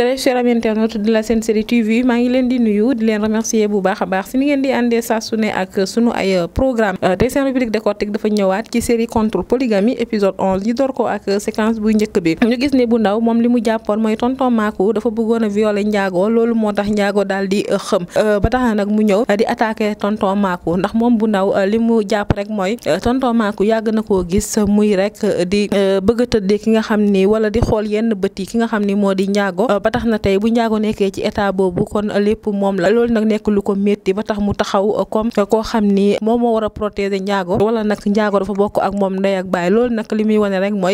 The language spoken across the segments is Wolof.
très cher ami internaute de la Sen Série TV maa ngi leen di nuyu di leen remercier bu baax a baax si ni ngeen di àndee saa su ne ak sunu ay euh, programme euh, tey seen rubrique décortique dafa ñëwaat ci série contre polygamie épisode 11 ñu door ko ak séquence bu njëkk bi ñu gis ne bu ndaw moom li mu mooy tonton Maako dafa bëggoon a violer Ndiago loolu moo tax Ndiago daal di euh, xëm ba tax na nag mu ñëw di attaquer tonton Maako ndax moom bu ndaw li mu jàpp rek mooy tonton Maako yàgg na koo gis muy rek di bëgg a tëddee ki ba tax na tey bu njaago nekkee ci état boobu kon lépp moom la loolu nag nekk lu ko métti ba tax mu taxaw comme xam ni moom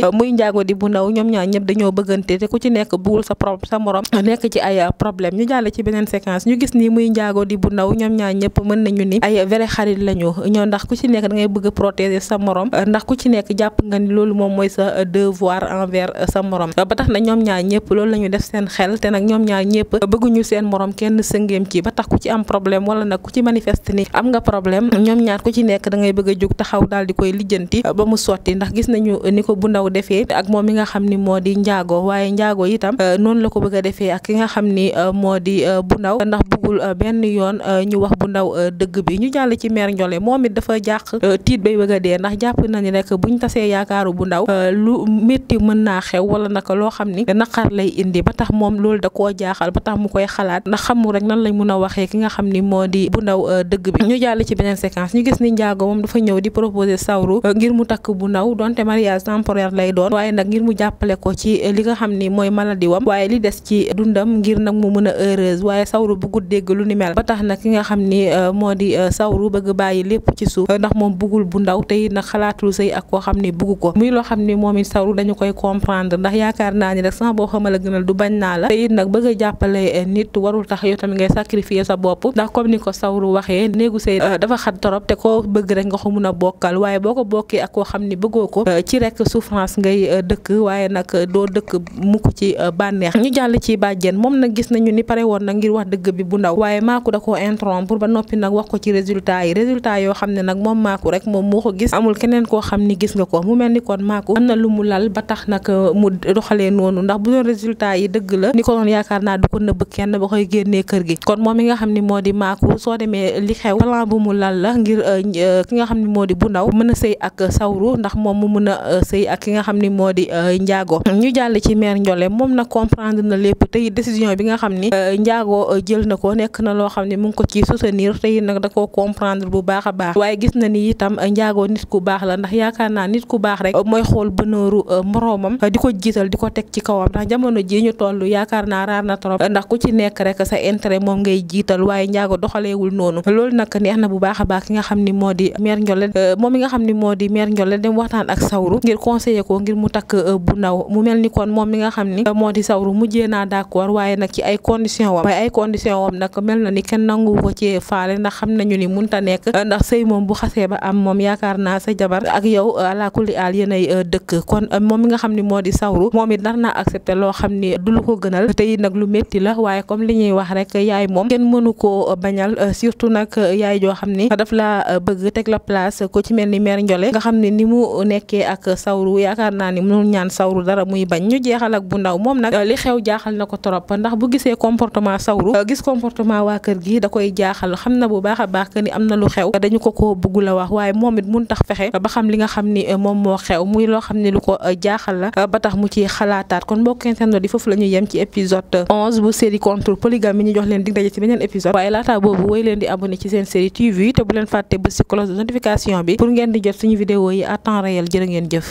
a mooy njaago di bu ndaw ñoom ñaar ñëpp mën nañu ni ay vrai xarit lañu ñoo ndax ku ci nekk da ngay bëgg sa morom ndax ku ci nekk jàpp nga ni loolu moom mooy sa devoir envers sa morom ba tax na ñoom ñaar ñëpp loolu la def seen xel xel te nag ñoom ñaar ñëpp bëgguñu seen morom kenn sëngeem ci ba tax ku ci am problème wala nag ku ci manifeste ni am nga problème ñoom ñaar ku ci nekk dangay ngay bëgg a jóg taxaw daal di koy lijjanti ba mu sotti ndax gis nañu ni ko bu ndaw defee ak moom mi nga xam ni moo di njaago waaye njaago itam euh, noonu la ko bëgg a defee ak ki nga xam ni euh, moo di euh, bu ndaw ndax bëggul benn yoon ñu wax bu ndaw dëgg bi ñu jàll ci meer njole moom it dafa jàq tiit bay bëgg dee ndax jàpp na ni rek buñ tasee yaakaaru bu ndaw lu métti mën naa xew wala naka loo xam moom da koo jaaxal ba tax mu koy xalaat ndax xamul rek nan lañ mun a waxee ki nga xam ni moo di bu ndaw euh, dëgg bi ñu jàll ci gis ni njaago moom dafa ñëw di proposer sawru euh, ngir mu takk bu ndaw donte mariage temporaire lay doon waaye nag ngir mu jàppale ko euh, li nga xam ni mooy maladie wam waaye li des ci dundam ngir nag mu mën a heureuse waaye sawru bëggul dégg lu ni ba tax na ki nga xam ni moo di sawru bëgg bàyyi lépp ci suuf ndax moom bëggul bu ndaw tey nag xalaatul sëy ak koo xam ni bëgg ko muy loo xam ni moom sawru dañu koy comprendre ndax yaakaar naa ni rek sama boo xamal a gënal du bañ naa la te nag bëgg jàppale eh, nit warul tax yow tamit ngay sacrifier sa bopp ndax comme ni ko sawru waxee néegu sëy eh, dafa xat torop te koo bëgg rek nga ko mun a bokkal waaye boo ko bokkee ak koo xam ni bëggoo ko eh, ci rek souffrance ngay dëkk waaye nag doo dëkk mukk ci bànneex ñu jàll ci bàjjen moom nag gis nañu ni pare woon nag ngir wax dëgg bi bu ndaw waaye maaku da koo interrompre ba noppi nag wax ko ci résultat yi résultat yoo xam ne nag moom maaku rek moom moo ko gis amul keneen koo xam ni gis nga ko mu mel ni kon maaku am na mu lal ba tax la ni ko noonu yaakaar naa du ko nëbb kenn ba koy génnee kër gi kon moom mi nga xam ni moo di maaku soo demee li xew plan bu mu lal la ngir euh, euh, ki nga xam ni moo di bu ndaw mën a sëy ak sawru ndax moom mu mën a euh, sëy ak ki nga xam ni moo di njaago ñu jàll ci maire Ndiolé moom na comprendre na lépp tey décision bi nga xam ni njaago jël na ko nekk na loo xam ne mu ngi ko ci soutenir tey nag da koo comprendre bu baax baax waaye gis na ni itam njaago nit ku baax la ndax yaakaar naa nit ku baax rek mooy xool bënooru moroomam di ko jiital di ko teg ci kawam ndax jamono ji ñu toll yaakaar naa raar na trop ndax ku ci nekk rek sa intérêt moom ngay jiital waaye njaago doxaleewul noonu loolu nag neex na bu baax a nga xam ni moo di maire Ndiolène euh, moom mi nga xam ni moo di maire Ndiolène dem waxtaan ak sawru ngir conseiller ko ngir mu takk euh, bu mu mel ni kon moom mi nga xam ni euh, moo di sawru mujjee naa d'accord waaye nag ci ay condition wam waaye ay condition wam nag mel na ni kenn nangu ko ci faale ndax xam nañu ni munta nekk ndax sëy moom bu xasee ba am moom yaakaar naa sa jabar ak yow alaakulli aal yéenay dëkk kon moom mi nga xam ni moo gënal tey nag lu métti la waaye comme li ñuy wax rek yaay moom kenn mënu koo euh, bañal euh, surtout nag euh, yaay joo xam ni daf la bëgg la place ko ci mel ni mère Ndiolé nga xam ne ni mu nekkee ak sawru yaakaar naa ni mënul ñaan sawru dara muy bañ ñu jeexal ak bu ndaw moom nag li xew jaaxal na ko trop ndax bu gisee comportement sawru gis comportement waa kër gi da koy jaaxal xam na bu baax a baax que ni am na lu xew dañu ko ko bëggu la wax waaye moom it mun tax fexe ba xam li nga xam ni moom moo xew muy loo xam ne lu ko jaaxal la ba tax mu ci épisode 11 bu série contre polygamie ñu jox leen dig daje ci beneen épisode waaye laata boobu woy leen di abonné ci seen série TV te bu leen fàtte ba si cloche de notification bi pour ngeen di jot suñu vidéo yi à temps réel jërë ngeen jëf